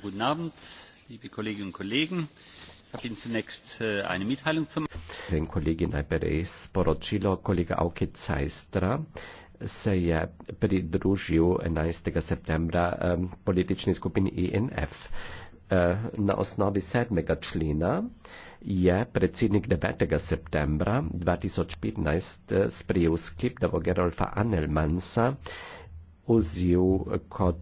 guten Abend, liebe Kolleginnen und Kollegen. Ich habe Ihnen zunächst äh, eine Mitteilung zu machen. Kollegin Iberes Porocilo, Kollege Auke Zeistra, se je pridružil 11. septembra um, politični skupini INF. E uh, e, na osnovi 7. člena je predsednik 9. septembra 2015 e, sprejel sklep, da bo Gerolfa Anelmansa vzel kot